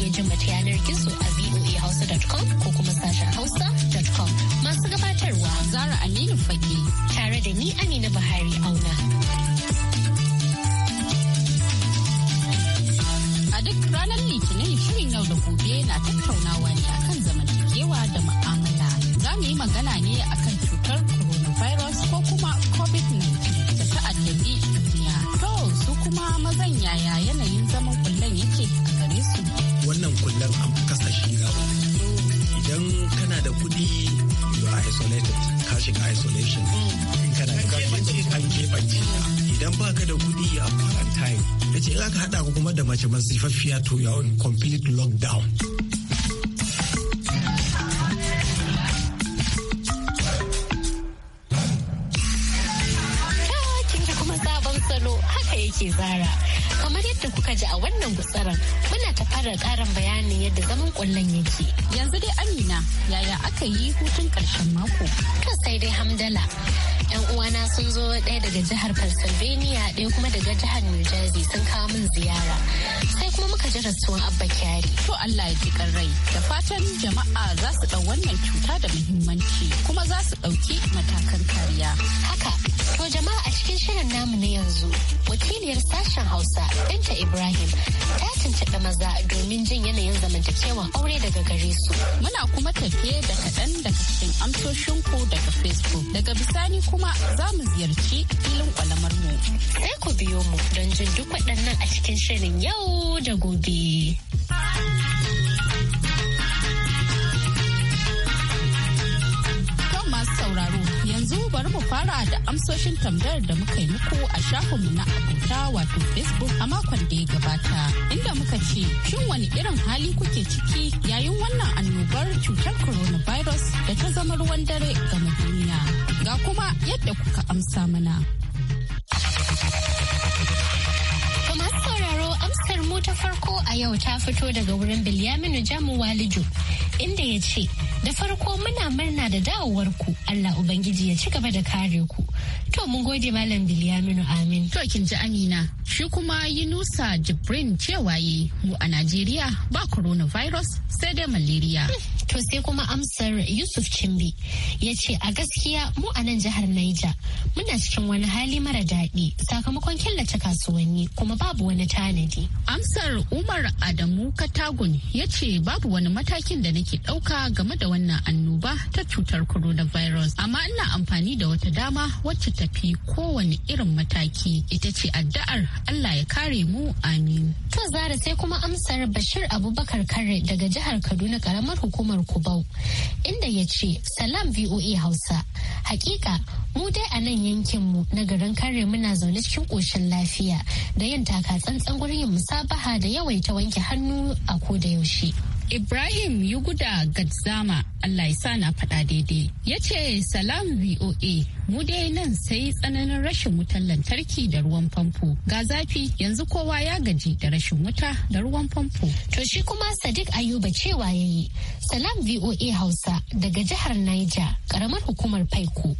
iya jin mata yanar gizo a voahausa.com ko kuma sashen hausa.com masu gabatarwa zara aminu fage tare da ni amina buhari auna. A duk ranar litinin shirin yau da gobe na tattaunawa ne akan zamantakewa da ma'amala. Za mu yi magana ne akan cutar coronavirus ko kuma covid-19 da ta addabi duniya. To su kuma mazan yaya yanayin zaman kullum yake a gare su. wannan kullar an kasa shiga idan kana da kuɗi you are isolated ka shiga isolation in kana da kuɗi an keɓance idan ba ka da kuɗi a quarantine yace in aka haɗa ku kuma da mace masifaffiya to you are in complete lockdown sabon salo haka yake zara. Kamar yadda kuka ji a wannan gutsaran muna ta fara karin bayanin yadda zaman kwallon yake. Yanzu dai Amina yaya aka yi hutun ƙarshen mako? kan sai dai Hamdala. yan uwana sun zo ɗaya daga jihar pennsylvania ɗaya kuma daga jihar new jersey sun kawo min ziyara sai kuma muka ji rasuwan abba kyari to allah ya ji rai da fatan jama'a za su ɗau wannan cuta da muhimmanci kuma za su ɗauki matakan kariya haka to jama'a a cikin shirin namu na yanzu wakiliyar sashen hausa danta ibrahim ta tuntuɓi maza domin jin yanayin zamantakewa aure daga gare su muna kuma tafiye da kaɗan daga cikin amsoshinku daga facebook daga bisani kuma kuma za mu ziyarci filin kwalamar mu. Sai ku biyo mu don jin duk waɗannan a cikin shirin yau da gobe. sauraro yanzu bari mu fara da amsoshin tambayar da muka yi muku a shafinmu na abota wato facebook a makon da ya gabata inda muka ce shin wani irin hali kuke ciki yayin wannan annobar cutar coronavirus da ta zama ruwan dare ga duniya Ga kuma yadda kuka amsa mana. amsar mu ta farko a yau ta fito daga wurin Bilyaminu Jamu Walijo inda ya ce Da farko muna murna da dawowarku Allah Ubangiji ya ci gaba da kare ku. To mun gode Malam Bilyaminu Amin. To kin ji Amina. Shi kuma Yunusa Jibrin cewa yi mu a Najeriya ba coronavirus sai dai malaria. Hmm, to sai kuma amsar Yusuf Cimbi ya ce a gaskiya mu a nan jihar Naija muna cikin wani hali mara daɗi sakamakon killace kasuwanni kuma babu wani tanadi. Amsar Umar Adamu Katagun ya ce babu wani matakin da nake ɗauka game da wannan annoba ta cutar coronavirus amma ina amfani da wata dama wacce ta fi kowane irin mataki ita ce addu'ar Allah ya kare mu amin. To zara sai kuma amsar Bashir Abubakar Kare daga jihar Kaduna karamar hukumar Kubau inda ya ce salam VOA Hausa hakika mu dai a nan yankin mu na garin Kare muna zaune cikin koshin lafiya da yin taka tsantsan gurin yin musabaha da yawaita wanke hannu a koda yaushe. Ibrahim Yuguda Gadzama, Allah ya sa na faɗa daidai, yace ce salam VOA Mu dai nan sai tsananin rashin wutar lantarki da ruwan famfo. Ga zafi yanzu kowa ya gaji da rashin wuta da ruwan famfo. To shi kuma Sadiq Ayuba cewa ya yi. Salam VOA Hausa daga jihar Niger, karamar hukumar Faiko.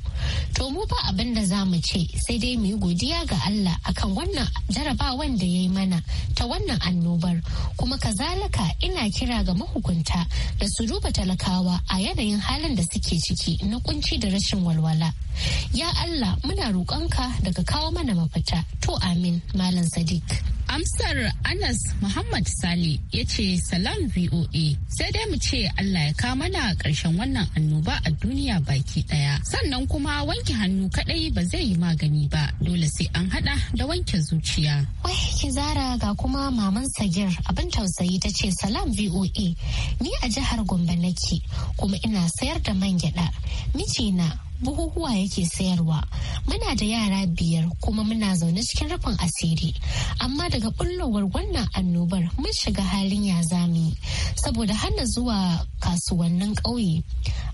To mu ba abin da zamu ce sai dai mu yi godiya ga Allah akan wannan jarabawan da ya yi mana ta wannan annobar. Kuma kazalika ina kira ga mahukunta da su duba talakawa a yanayin halin da suke ciki na kunci da rashin walwala. ya Allah muna roƙonka daga kawo mana mafita to amin malam sadiq amsar anas muhammad sale ya ce salam voa sai dai mu ce allah ya ka mana ƙarshen wannan annoba a duniya baki ɗaya sannan kuma wanke hannu kadai ba zai yi magani ba dole sai an haɗa da wanke zuciya wai ki zara ga kuma maman sagir abin tausayi ta ce salam voa ni a jihar gombe nake kuma ina sayar da man gyada mijina buhuhuwa yake sayarwa muna da yara biyar kuma muna zaune cikin rafin asiri amma daga bullowar wannan annobar mun shiga halin ya zami saboda hana zuwa kasuwannin ƙauye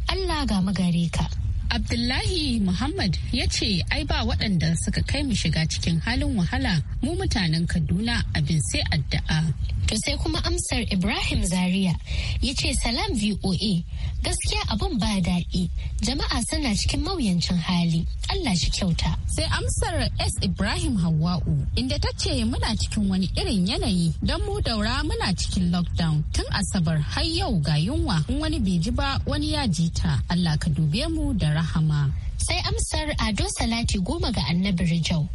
allah ga magare ka Abdullahi Muhammad ya ce ai ba waɗanda suka kai mu shiga cikin halin wahala mu mutanen Kaduna abin sai addu'a. To sai kuma amsar Ibrahim Zaria ya ce salam VOA gaskiya abin ba daɗi jama'a suna cikin mawuyancin hali Allah shi kyauta. Sai amsar S Ibrahim Hawwa'u inda ta ce muna cikin wani irin yanayi don mu daura muna cikin lockdown tun asabar har yau ga yunwa in wani bai ji ba wani ya ji ta Allah ka dube mu da rahama. sai amsar ado salati goma ga annabi rijau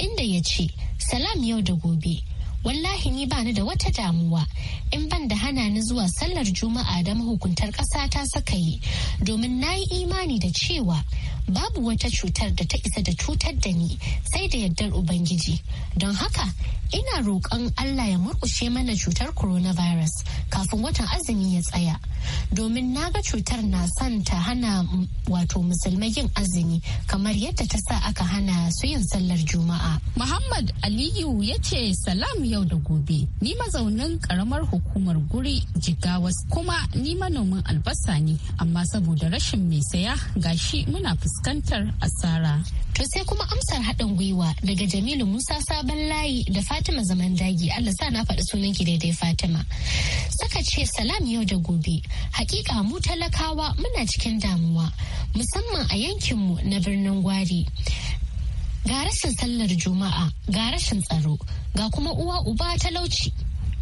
inda ya ce salam yau da gobe wallahi ni bani da wata damuwa in ban da hana ni zuwa sallar juma'a da mahukuntar ƙasa ta saka yi domin na yi imani da cewa babu wata cutar da ta isa da cutar da ni sai da yardar ubangiji don haka ina roƙon allah ya murƙushe mana cutar coronavirus kafin watan azumi ya tsaya domin na ga cutar na son ta hana wato musulmai yin azumi kamar yadda ta sa aka hana su yin sallar juma'a muhammad aliyu ya ce salam yau da gobe ni mazaunin karamar hukumar guri jigawas kuma ni manomin albasa ne amma saboda rashin mai saya gashi muna fuskanta fuskantar asara. To sai kuma amsar haɗin gwiwa daga Jamilu Musa Sabon Layi da Fatima Zaman Dagi Allah sa na faɗi sunan ki daidai Fatima. Saka ce salam yau da gobe. Hakika mu talakawa muna cikin damuwa musamman a yankinmu na birnin Gwari. Ga rashin sallar Juma'a, ga rashin tsaro, ga kuma uwa uba talauci.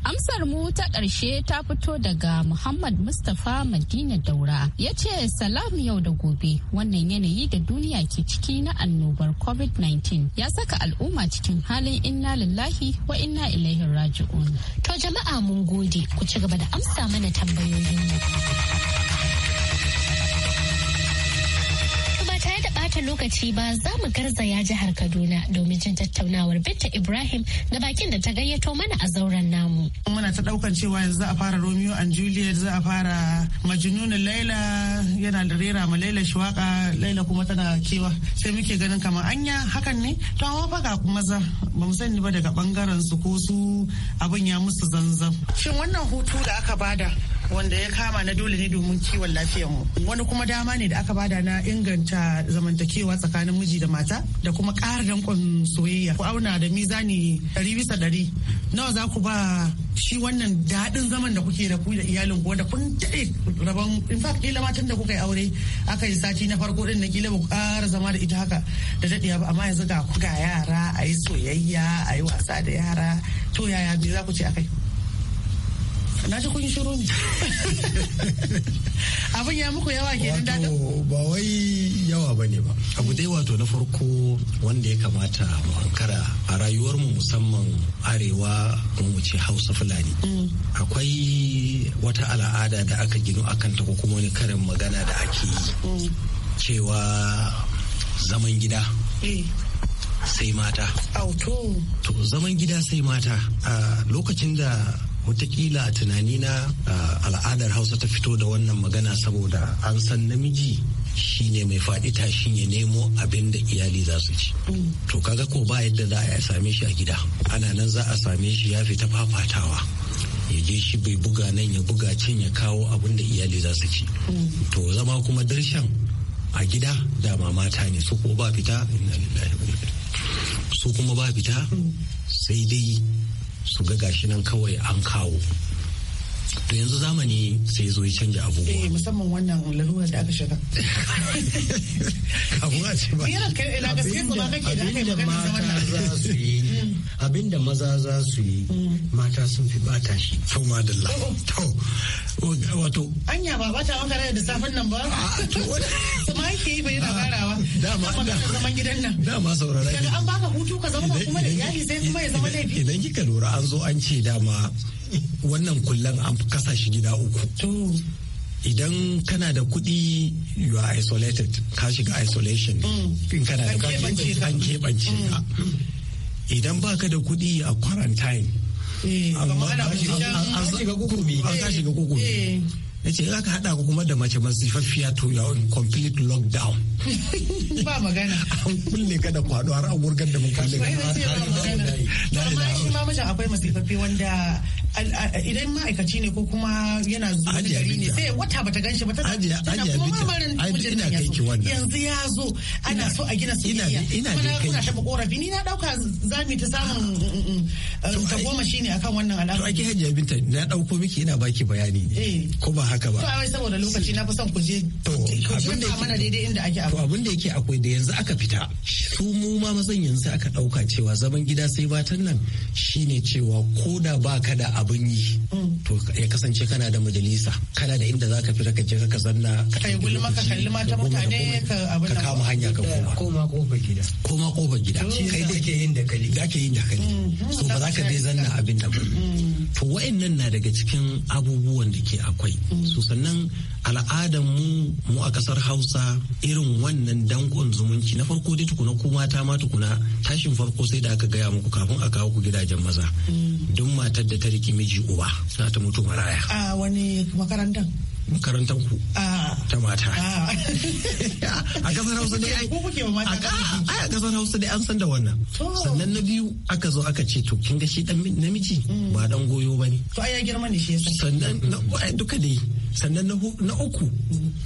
Amsar mu ta ƙarshe ta fito daga Muhammad Mustapha Madina Daura ya ce salam yau da gobe wannan yanayi da duniya ke ciki na annobar COVID-19 ya saka al'umma cikin halin inna lillahi wa inna ilaihin raji'un. To jama'a mun gode ku ci gaba da amsa mana tambayoyin mu. bata lokaci ba za mu garzaya jihar Kaduna domin jin tattaunawar Binta Ibrahim da bakin da ta gayyato mana a zauren namu. Muna ta daukan cewa yanzu za a fara Romeo and Juliet za a fara majnunin Laila yana da rera ma Laila shiwaka Laila kuma tana kewa sai muke ganin kamar anya hakan ne to amma fa ga maza ba mu sani ba daga bangaren su ko su abin ya musu zanzan. Shin wannan hutu da aka bada wanda ya kama na dole ne domin kiwon lafiyar mu wani kuma dama ne da aka bada na inganta zamantakewa zamantakewa tsakanin miji da mata da kuma ƙara danƙon soyayya ku auna da mizani ɗari bisa ɗari nawa za ku ba shi wannan daɗin zaman da kuke da ku da iyalin ku wanda kun daɗe rabon in fact kila matan da kuka yi aure aka yi sati na farko din na kila ba ku ƙara zama da ita haka da daɗewa ba amma yanzu ga ku ga yara a yi soyayya a yi wasa da yara to yaya me za ku ce akai. na ji kun shiru abin ya muku yawa ke dadin ba wai yawa ba ne ba abu dai wato na farko wanda ya kamata mu hankara a rayuwar mu musamman arewa mu ce hausa fulani mm. akwai wata al'ada da aka gino akan ta ko kuma wani karin magana da ake yi mm. cewa zaman gida eh. sai mata. To zaman gida sai mata a lokacin da wataƙila a tunanina al'adar hausa ta fito da wannan magana saboda an san namiji shine mai faɗi tashin ya nemo abin da iyali za su ci mm. to kaga ko ba yadda za a same shi a gida ana nan za a same shi ya fita fafatawa ya je shi bai buga nan ya buga can ya kawo abin da iyali za su ci mm. to zama kuma darshan a gida dama mata ne su ko ba fita su kuma ba fita mm. sai dai su ga gashi nan kawai an kawo to yanzu zamani sai zo ya canja abubuwa eh musamman wannan lalurar da aka shiga abuwa ce ba yana kai ina gaskiya ba kake da kai magana za su yi mm. abin da maza za su yi mm. mata sun fi bata shi to madalla oh, oh. to wato anya ba bata maka da safin nan ba to ma yake yi bai yana barawa dama dama zaman gidan nan dama saurara kaga an baka hutu ka zama kuma da iyali sai kuma ya zama laifi idan kika lura an zo an ce dama wannan kullan an Kasashi gida uku idan kana da kuɗi you are isolated ka shiga isolation mm. in kana da kuɗi an keɓance mm. ka idan baka da kuɗi a quarantine an ka shiga kukumi eh. ya ce ka haɗa ku kuma da mace masifaffiya to ya in complete lockdown ba magana an kulle ka da kwado har an wurgar da mun kulle ka ma akwai masifaffi wanda idan ma'aikaci ne ko kuma yana zuwa gari ne sai wata bata ganshi ba tana kuma mamarin mijin nan yanzu ya zo ana so a gina su ina da kai kuna taba korafi ni na dauka zami ta samun mm, mm, mm, eh, ta goma shine akan wannan al'amari to ake hajiya binta na dauko miki ina baki bayani eh. ko ba haka ba. To saboda lokaci na fi son ku je mana daidai inda ake abu. To abin da yake akwai da yanzu aka fita su mu ma mazan yanzu aka dauka cewa zaman gida sai batan nan shine cewa ko da ba ka da abin yi mm. to ya kasance kana da majalisa kana da inda zaka fita ka je ka zanna ka kai gulma ka kalli mata mutane ka abin ka kama hanya ka koma. Koma kofar gida. Koma kofar gida. Mm. Kai da ke yin da kali. Da ke yin da kali. Mm. So ba za ka dai zanna abin da ba. To wa'annan na daga cikin abubuwan da ke akwai. su sannan al'adan mu mu a kasar hausa irin wannan dankon zumunci na farko dai tukuna ko mata ma tukuna tashin farko sai da aka gaya muku kafin a kawo ku gidajen maza mm. don matar da ta riki miji uba za ta mutu maraya a wani makarantar makarantar ku ah. ta mata ah. a kasar hausa dai a kasar hausa dai an san da wannan sannan na biyu aka zo aka ce to kin ga shi dan namiji mm. ba dan goyo bane to ai ya girma ne shi yasa sannan duka dai sannan na uku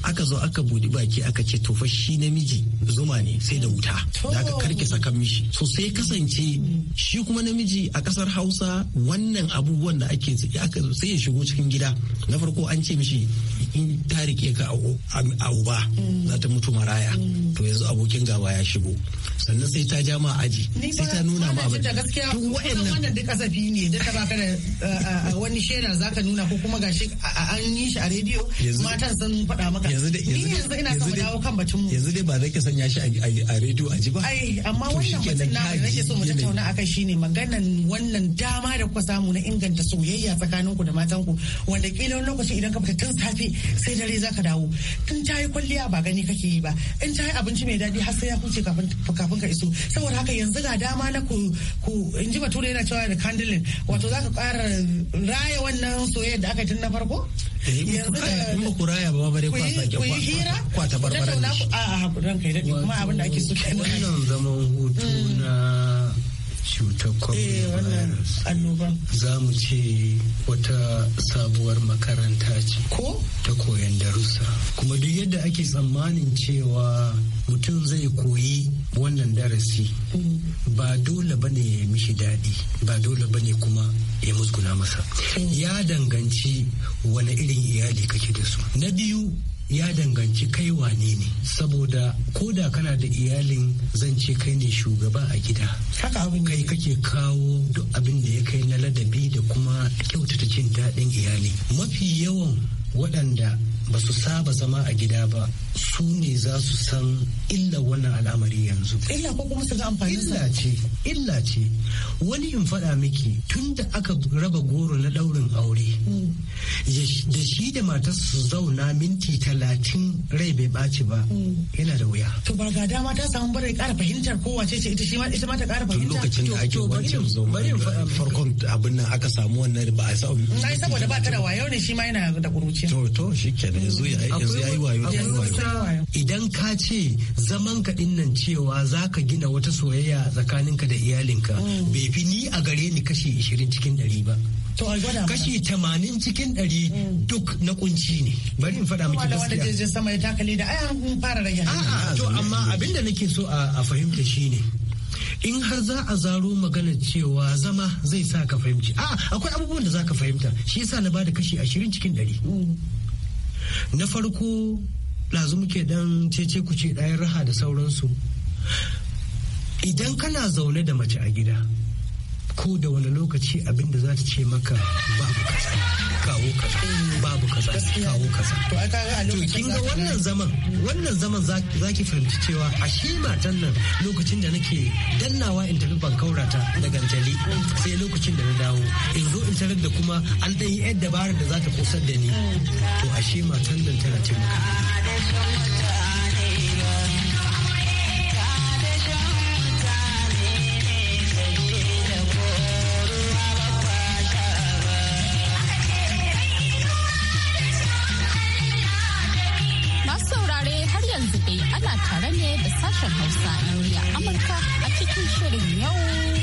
aka zo aka budi baki aka ce tofa shi namiji zuma ne sai da wuta da aka karki sakan mishi so sai kasance shi kuma namiji a kasar hausa wannan abubuwan da ake aka sai ya shigo cikin gida na farko an ce mishi in ta rike ka a uba mm. za ta mutu maraya mm. to yanzu abokin gaba ya shigo sannan sai ta ja ma aji sai ta nuna ma abin da gaskiya wannan duk kasafi ne da ta baka da wani shaidar zaka nuna ko kuma gashi an yi shi a rediyo matan sun faɗa maka yanzu da yanzu ina son dawo kan batun yanzu dai ba zai ka sanya shi a rediyo a ji ba ai amma wannan batun na da nake so mu tattauna shi shine maganan wannan dama da kuka samu na inganta soyayya tsakanin ku da matan ku wanda kila lokaci idan ka fita tun safe sai dare zaka dawo tun ta yi kwalliya ba gani kake yi ba in ta yi abinci mai daɗi har sai ya huce kafin kafin ka iso saboda haka yanzu ga dama na ku ku in ji bature yana cewa da candling wato zaka ƙara raya wannan soyayya da aka yi tun na farko in ba ku raya ba bare kwa kwa hira barbara ne a a ranka kuma abin da ake so kenan wannan zaman hutu na cutar coronavirus eh, za mu ce wata sabuwar makaranta ce ko ta koyon darussa kuma duk yadda ake tsammanin cewa mutum zai koyi wannan darasi mm. ba dole ba ne ya mishi daɗi ba dole ba ne kuma ya musguna masa mm. ya danganci wani irin iyali kake da su na biyu ya danganci kai wane ne saboda koda kana da iyalin zan ce kai ne shugaba a gida haka abin kai kake kawo duk abin da ya kai na ladabi da kuma kyautata jin daɗin iyali mafi yawan waɗanda ba su saba zama a gida ba su ne za su san illa wannan al'amari yanzu illa ko kuma su ga amfani illa ce illa ce wani in faɗa miki tun da aka raba goro na ɗaurin aure da shi da matar su zauna minti talatin rai bai ɓaci ba yana da wuya to ba ga dama ta samu bare ƙara fahimtar ko wace ce ita shi ma ita ma ta ƙara fahimtar lokacin da ake wancan zaunar farkon abin nan aka samu wannan ba a yi saboda ba ta da wayo ne shi ma yana da kuruciya to to shikenan yanzu ya yi wayo ya yi wayo idan ka ce zaman ka dinnan cewa za ka gina wata soyayya tsakaninka da iyalinka mm. bai fi ni a gare ni kashi 20 cikin 100 ba kashi tamanin cikin ɗari mm. duk na kunci ne bari in faɗa miki gaskiya wanda jirgin sama ya takale da ayan fara rage a'a to amma abinda nake so a fahimta shine in har za a zaro magana cewa zama zai sa ka fahimci a akwai abubuwan da za ka fahimta shi yasa na bada kashi ashirin cikin ɗari mm. na farko lazu muke dan cece ku ce ɗayan raha da sauransu idan kana zaune da mace a gida ko da wani lokaci abin da za ta ce maka babu kaza kawo kaza babu kaza kawo kaza to kin ga wannan zaman wannan zaman za fahimci cewa a shi matan nan lokacin da nake dannawa in tafi ban kaurata da jali sai lokacin da na dawo in zo in tarar da kuma an dan yi yar dabarar da za ta kosar da ni to a shi matan nan tana taimaka tare ne da sashen Hausa na Amurka a cikin shirin yau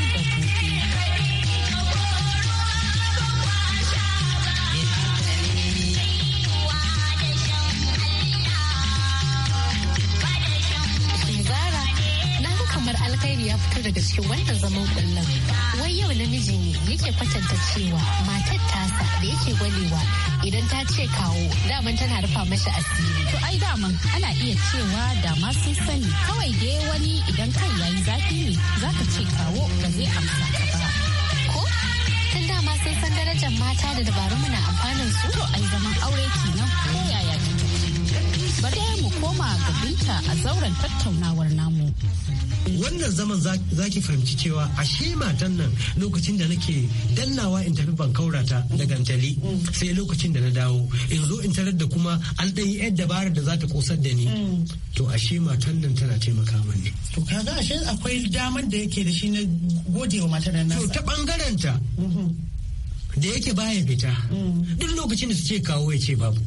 ya daga cikin wannan zaman kullum wai yau namiji ne yake kwatanta cewa matar tasa da yake gwalewa idan ta ce kawo daman tana rufa mashi asiri to ai daman ana iya cewa da ma sun sani kawai dai wani idan kan yayi zafi ne zaka ce kawo ba zai amsa ka ba ko tun dama sun san darajar mata da dabarun muna amfanin su to ai zaman aure kenan ko yaya bari mu koma ga binta a zauren tattaunawar namu wannan zaman za ki fahimci cewa ashe matan nan lokacin da nake dannawa in tafi ban kaurata da gantali sai lokacin da na dawo in zo in tarar da kuma an yi yar dabarar da za ta kosar da ni to ashe matan nan tana taimaka mani. to kaga shi akwai damar da yake da shi na gode wa matan nan to ta bangaren ta mhm. da yake baya fita mm. duk lokacin da su ce kawo ya ce babu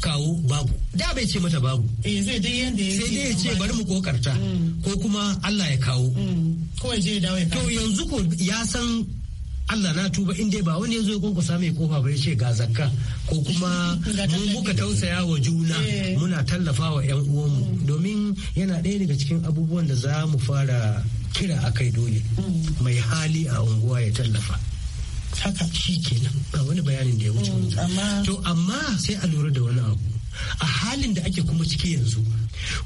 kawo babu da bai ce mata babu eh, sai dai ya ce bari mu kokarta mm. ko kuma Allah ya kawo mm. to yanzu ko ya san Allah na tuba in dai ba wani ya zo ya kunkusa mai kofa ba ya ce ga zakka ko kuma mu muka tausaya wa juna eh. muna tallafa wa 'yan uwanmu mm. domin yana ɗaya daga cikin abubuwan da za mu fara kira a kai dole mai hali a unguwa ya tallafa. haka shi kenan ba wani bayanin da ya wuce mm, to amma sai a lura da wani abu a halin da ake kuma ciki yanzu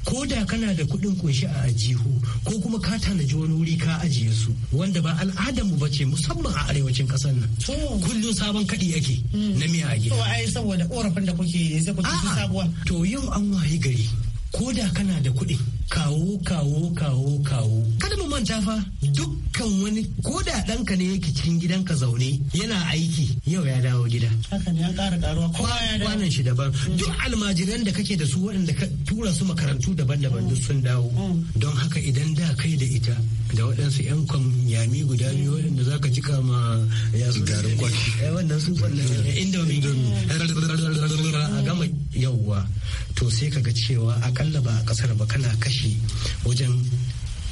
ko da kana da kuɗin kunshi a ajihu ko kuma ka tanaji wani wuri ka ajiye su wanda ba mu ba ce musamman a arewacin ƙasar nan kullum sabon kaɗi ake mm. na miya a gida. ai saboda korafin da kuke sai ku sabuwa. to yau an waye gari ko da kana da kuɗi kawo kawo kawo kawo kada mu manta fa dukkan wani ko da danka ne yake cikin gidanka zaune yana aiki yau ya dawo gida haka ne ya ƙara karuwa ko ya dawo wannan shi daban mm. duk almajiran da kake da su waɗanda ka tura su makarantu daban-daban duk sun dawo mm. don haka idan da kai da ita da waɗansu 'yan kwamyami guda biyu waɗanda za ka jika ma ya su garin kwaki eh, wannan su mm. indomi a gama yauwa to sai ka ga cewa akalla ba a ƙasar ba kana kashe shi wajen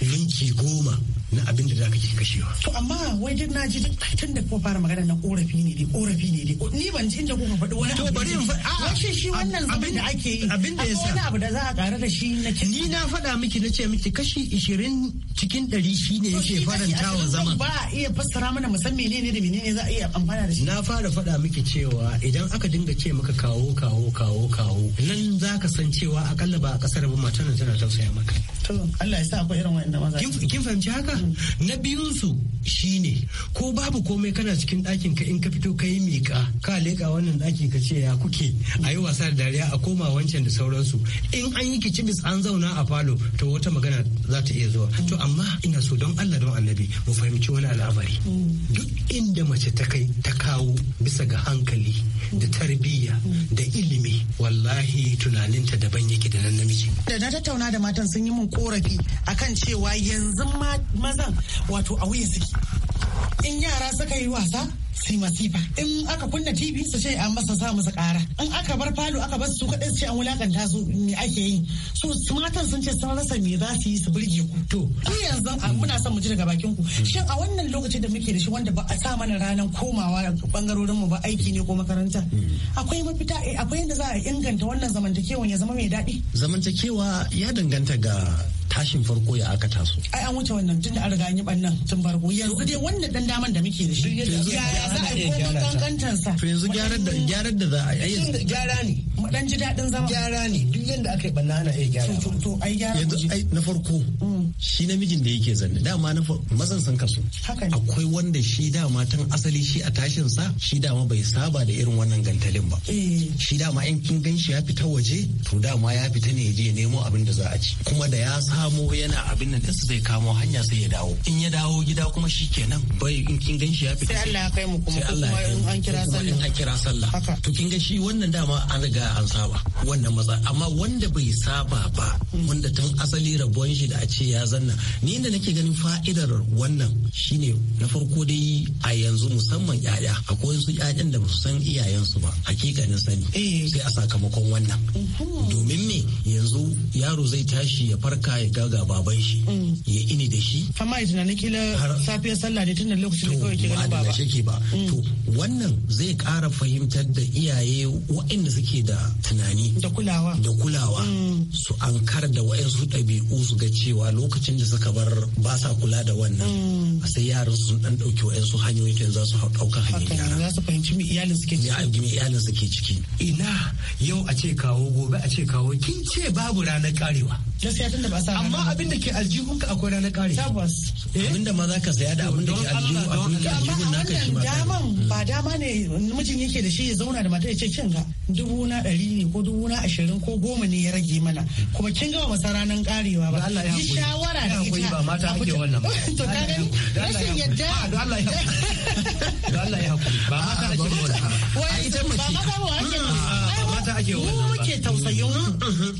linki goma na abin da zaka ke kashewa. To amma wai duk na ji duk tun da kuma fara magana na korafi ne dai korafi ne dai ni ban ji inda kuma faɗi wani abu. bari in faɗi. shi wannan abin da ake yi. Abin da yasa. Wani abu da za a ƙara da shi na ke. Ni na faɗa miki na ce miki kashi ishirin cikin ɗari shi ne yake faranta wa zaman. Ba a iya fassara mana musamman menene da menene za a iya amfana da shi. Na fara faɗa miki cewa idan aka dinga ce maka kawo kawo kawo kawo nan za ka san cewa akalla ba a ƙasar ba matan tana tausaya maka. To Allah ya sa akwai irin wa'annan maza. Kin fahimci haka? na biyunsu shine ko babu komai kana cikin ɗakin ka in ka fito ka yi miƙa ka leƙa wannan ɗakin ka ce ya kuke a yi wasa da dariya a koma wancan da sauransu in an yi kicibis an zauna a falo to wata magana za ta iya zuwa to amma ina so don Allah don annabi mu fahimci wani al'amari duk inda mace ta kai ta kawo bisa ga hankali da tarbiyya da ilimi wallahi tunaninta daban yake da nan namiji da na tattauna da matan sun yi mun korafi akan cewa yanzu ma wasa wato a wuya suke in yara suka yi wasa sai masifa in aka kunna tv su ce a masa sa musu kara in aka bar falo aka bar su kaɗai su ce an wulakanta su me ake yi su matan sun ce sun rasa me za su yi su burge ku to ni yanzu muna son mu ji daga bakin ku shin a wannan lokacin da muke da shi wanda ba a sa mana ranar komawa bangarorin mu ba aiki ne ko makaranta akwai mafita eh, akwai yadda za a inganta wannan zamantakewa ya zama mai daɗi zamantakewa ya danganta ga tashin farko ya aka taso. Ai an wuce wannan tun da an riga yi bannan tun farko ya yanzu dai wannan dan daman da muke da shi. To yanzu gyaran da gyaran da za a yi. Gyara ne. Mu dan ji dadin zama. Gyara ne duk yanda aka yi banna ana iya gyara. To to ai gyara. Yanzu ai na farko mm. shi namijin da yake zanne dama na mazan san kaso. Akwai wanda shi dama tun asali shi a tashin sa shi dama bai saba da irin wannan gantalin ba. Eh. Shi dama in kin gan shi ya fita waje to dama ya fita ne ya je nemo abin da za a ci kuma da ya saba kamo yana abin nan ɗinsa zai kamo hanya sai ya dawo in ya dawo gida kuma shi kenan bai in kin gan shi ya fita sai Allah ya kai mu kuma in an kira sallah in to kin ga shi wannan dama an riga an saba wannan matsa amma wanda bai saba ba wanda tun asali rabuwan shi da a ce ya zanna ni inda nake ganin fa'idar wannan shine na farko dai a yanzu musamman yaya akwai wasu yayan da basu su san su ba hakikanin sani eh. sai a sakamakon wannan domin me yanzu yaro zai tashi ya farka ya daga ga baban shi mm. ya ini da shi amma ya tunanin kila safiyar sallah ne tunan lokacin da kawai ke ganin baba shi ba mm. to wannan zai kara fahimtar da iyaye waɗanda suke da tunani da kulawa da kulawa mm. su ankar da waɗansu ɗabi'u su ga cewa lokacin da suka bar ba sa kula da wannan sai yaran sun dan ɗauki waɗansu hanyoyi to za su ɗauka hanyar yara za su fahimci me iyalin suke ciki me iyalin suke ciki ina yau a ce kawo gobe a ce kawo kin ce babu ranar karewa gaskiya tunda ba sa amma abin da ke aljihun ka akwai ranar kare tabbas eh? abin da ma za ka saya da abin da ke aljihun aljihun naka shi ma daman ba hmm. dama ne mijin yake da shi ya zauna da mata ya ce kin ga dubu na ɗari ne ko dubu na ashirin ko goma ne ya rage mana hmm. kuma kin ga masa ranar karewa ba Allah ya hakuri shawara da ita ba mata ake wannan to ka gani rashin yadda Allah ya hakuri Allah ya hakuri ba haka ake wannan ba ba ba ba mata ake wa mu muke tausayin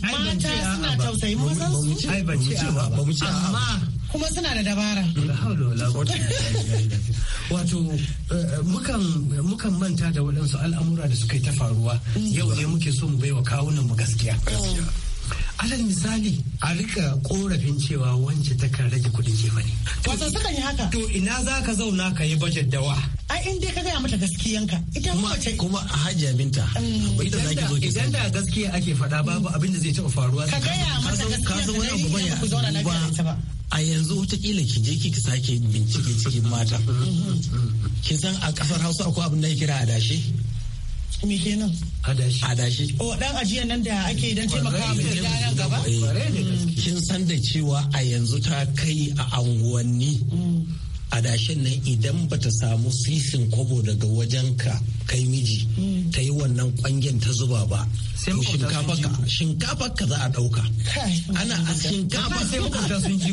mata suna tausayin mazan su ai ba ce ba mu ce amma kuma suna da dabara wato eh, eh, mukan manta da waɗansu al'amura da suka yi ta faruwa mm. yau ne muke so mu baiwa kawunan mu gaskiya oh. alal misali a rika korafin cewa wance kan rage kudin jefa ne wato sukan yi haka to ina za ka zauna ka yi bajet wa? a in dai ka gaya mata gaskiyanka ita mace kuma hajiya binta mm. idan da gaskiya ake faɗa babu abin da zai taɓa faruwa ka gaya mata gaskiya ka zauna na ba a yanzu wataƙila ki je ki sake bincike cikin mata mm-hmm. kin san a kasar hausa akwai abin da ya kira Adashi. me kin san da cewa a yanzu ta kai a anguwanni mm. adashin nan idan bata samu sisin kwabo daga wajen ka kai miji mm. ta yi wannan kwangen ta zuba ba shinkafar ka za a dauka ana a shinkafar sai makwabta sun ji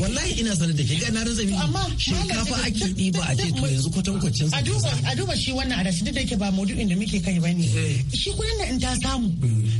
wallahi ina sanar da ke ga na razami shinkafa ake ba a ce to yanzu kwatankwacin a duba a duba shi wannan adashi duk da yake ba maudu'in da muke kai bane eh. shi kudin da in ta samu mm.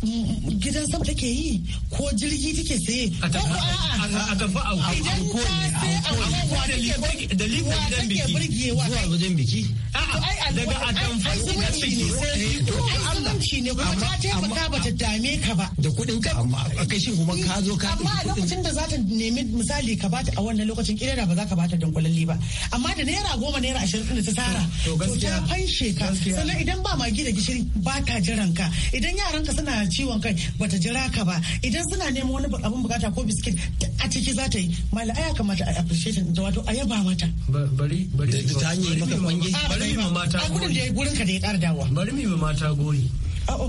gidan sama take yi ko jirgi take tsaye ko a'a a tafi a idan ta sai a wa take da liwa take burgewa zuwa wajen biki a'a daga a tamfa gidan biki sai to Allah shi ne kuma ta taimaka ba ta dame ka ba da kuɗin ka amma kai shin kuma ka zo ka amma a lokacin da za ta nemi misali ka bata a wannan lokacin kira ba za ka bata dankwalalle ba amma da naira goma naira ashirin da ta tara to ta fanshe ka sannan idan ba magi da gishiri ba ta jiran ka idan yaranka suna ciwon kai bata jira ka ba idan suna neman wani abun bukata ko biskit a ciki za ta yi mala aya kamata a appreciation da wato a yaba mata bari bari da ta hanyar maka kwange bari mi mata a gudun da ya gurin ka da ya ƙara dawa bari mi mata gori a'o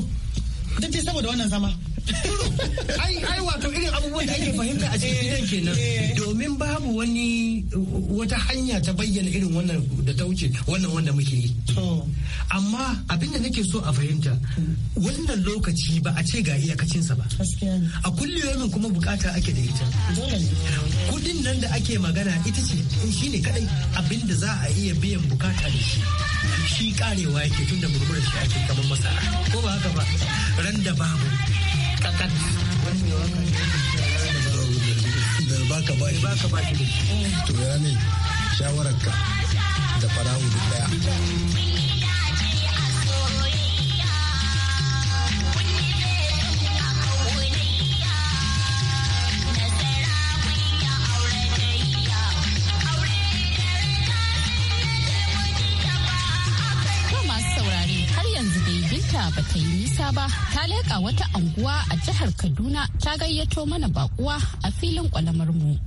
duk dai saboda wannan zama ai ai wato irin abubuwan da ake fahimta a cikin gidan kenan domin babu wani wata hanya ta bayyana irin wannan da ta wuce wannan wanda muke yi amma abinda nake so a fahimta wannan lokaci ba a ce ga iyakacinsa ba a kulliyomin kuma bukata ake da ita kudin nan da ake magana ita ce shine kadai abinda za a iya biyan bukata da shi shi karewa yake tunda murmurar shi ake kamar masara ko ba haka ba ran da babu kakat da baka ba baka ba to ya ne shawararka da farahu duk daya tafiya ba ta yi nisa ba ta leƙa wata anguwa a jihar Kaduna ta gayyato mana bakuwa a filin kwalamar mu.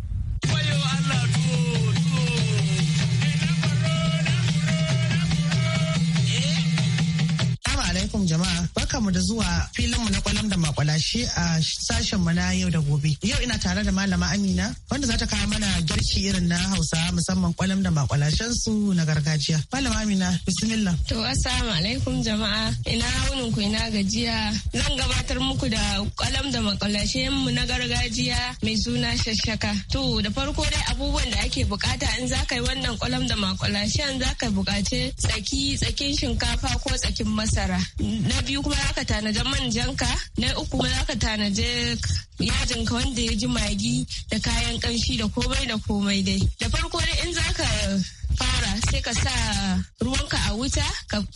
da zuwa filinmu na kwalam da makwalashe a sashenmu na yau da gobe. Yau ina tare da malama Amina wanda za ta kawo mana girki irin na Hausa musamman kwalam da makwalashen su na gargajiya. Malama Amina, bismillah. To assalamu alaikum jama'a. Ina wunin ku ina gajiya. Zan gabatar muku da kwalam da makwalashen mu na gargajiya mai suna shashaka. To da farko dai abubuwan da ake bukata in za ka yi wannan kwalam da makwalashen za ka bukaci tsaki tsakin shinkafa ko tsakin masara. Na biyu kuma za ka ka manjan ka na uku za ka tanaji yajin ka wanda ya ji magi da kayan kamshi da komai da komai dai da farko dai in za ka fara sai ka sa ruwanka a wuta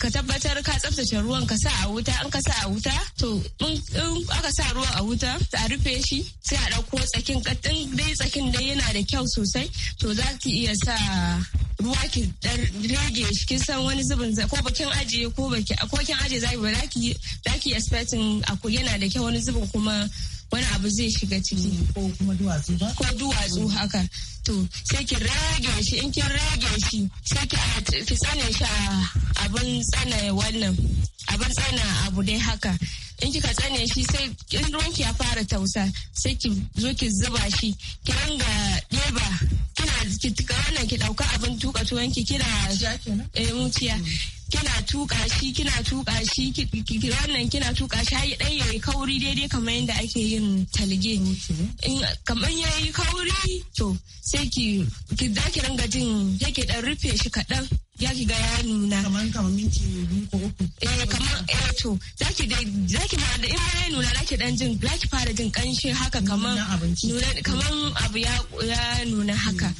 ka tabbatar ka tsaftace ruwan ka sa a wuta an ka sa a wuta to in aka sa ruwan a wuta a rufe shi sai a ɗauko tsakin dai tsakin dai yana da kyau sosai to za ki iya sa ruwa ki rage shi kin san wani zubin ko bakin ajiye ko baki ko kin ajiye zaki ba zaki zaki expecting akwai yana da kyau wani zubin kuma wani abu zai shiga ciki ko kuma duwatsu ba ko duwatsu haka to sai ki rage shi in kin rage shi sai ki tsane shi a abin tsana wannan abin tsana abu dai haka in kika tsane shi sai in ruwanki ya fara tausa sai ki zo ki zuba shi ki ringa ɗeba ki wannan ki dauka abin tuka tuwon ki kina eh muciya mm. kina tuka shi kina tuka shi wannan kina tuka shi har dai yayi kauri daidai kamar yadda ake yin talge in kamar yayi kauri to sai ki ki da ki ringa jin yake dan rufe shi kadan ya shiga ya nuna kamar kamar minti biyu ko uku eh kamar eh to zaki dai zaki ma da in ya nuna zaki dan jin zaki fara jin kanshin haka kamar kamar abu ya ya nuna haka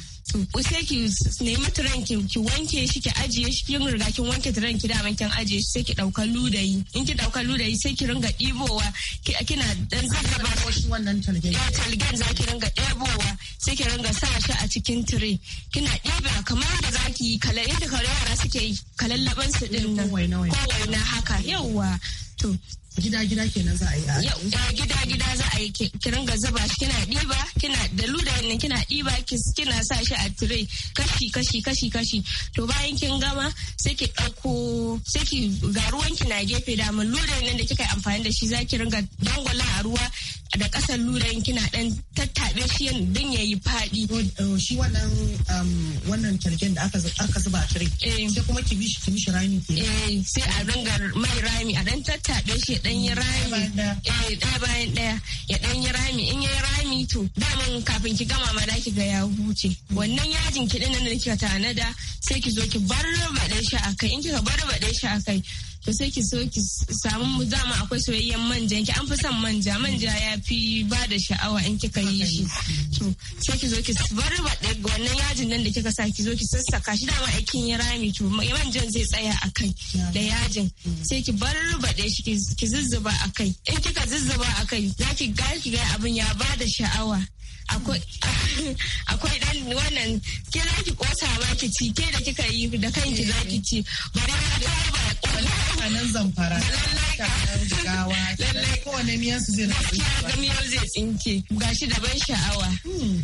sai ki nemi turan ki ki wanke shi ki ajiye shi kin riga kin wanke turan ki daman kin ajiye shi sai ki dauka ludayi in ki dauka ludayi sai ki ringa dibowa kina dan zaggaba shi wannan talgen ya talgen za ki ringa ɗebowa sai ki ringa sa shi a cikin tire kina ɗiba kamar da za ki yi kare yadda yara suke yi kalallaban su din nan ko na haka yauwa to gida-gida kenan za a yi a gida-gida za a yi ki ringa zuba shi kina diba kina da luda ne kina diba kina sa shi a tire kashi kashi kashi kashi to bayan kin gama sai ki dauko sai ki ga ruwan ki na gefe da mun luda ne da kika yi amfani da shi za ki ringa dangwala a ruwa da ƙasar ludan kina ɗan tattaɓe shi don ya yi faɗi. Oh, shi wannan um, wannan kirkin da aka zuba a tire. Eh. Sai kuma ki bi shi rami ke. Eh, sai a ringa mai rami a dan tattaɓe shi dan yi rami eh da bayan daya ya dan yi rami in yayi rami to daman kafin ki gama ma ki ga ya huce wannan yajin ki nan da kika tanada sai ki zo ki barbaɗe shi akai in kika barbaɗe shi akai to sai ki so ki samu dama akwai soyayyen manja ki an fi son manja manja ya fi ba da sha'awa in kika yi shi to sai ki zo ki bar wannan yajin nan da kika sa ki zo ki sassaka shi dama aikin ya rami to manjan zai tsaya a kai da yajin sai ki bar da shi ki zuzzuba a kai in kika zuzzuba a kai za ki ga ki ga abin ya ba da sha'awa akwai dan wannan ke za ki kosa ba ki ci ke da kika yi da kanki za ki ci bari ya ba mutanen zamfara mutanen jigawa lallai kowane miyan su zai na ga miyan zai tsinke gashi da ban sha'awa hmm.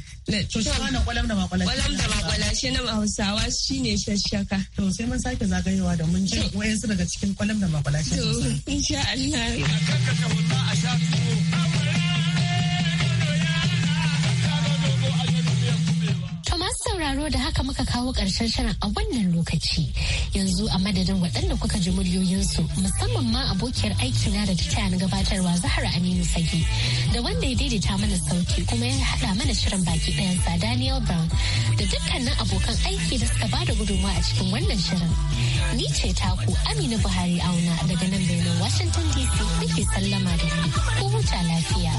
to shi wani kwalam da makwala kwalam da makwala na hausawa shine shashaka to sai mun sake zagayewa da mun ji wayansu daga cikin kwalam da makwala shi to insha Allah sauraro da haka muka kawo ƙarshen shirin a wannan lokaci yanzu a madadin waɗanda kuka ji muryoyinsu musamman ma abokiyar aiki na da ta taya na gabatarwa zahara aminu sage da wanda ya daidaita mana sauti kuma ya haɗa mana shirin baki ɗayan sa daniel brown da dukkanin abokan aiki da suka bada gudunmawa a cikin wannan shirin ni ce taku amina buhari auna daga nan birnin washington dc nake sallama da ku huta lafiya.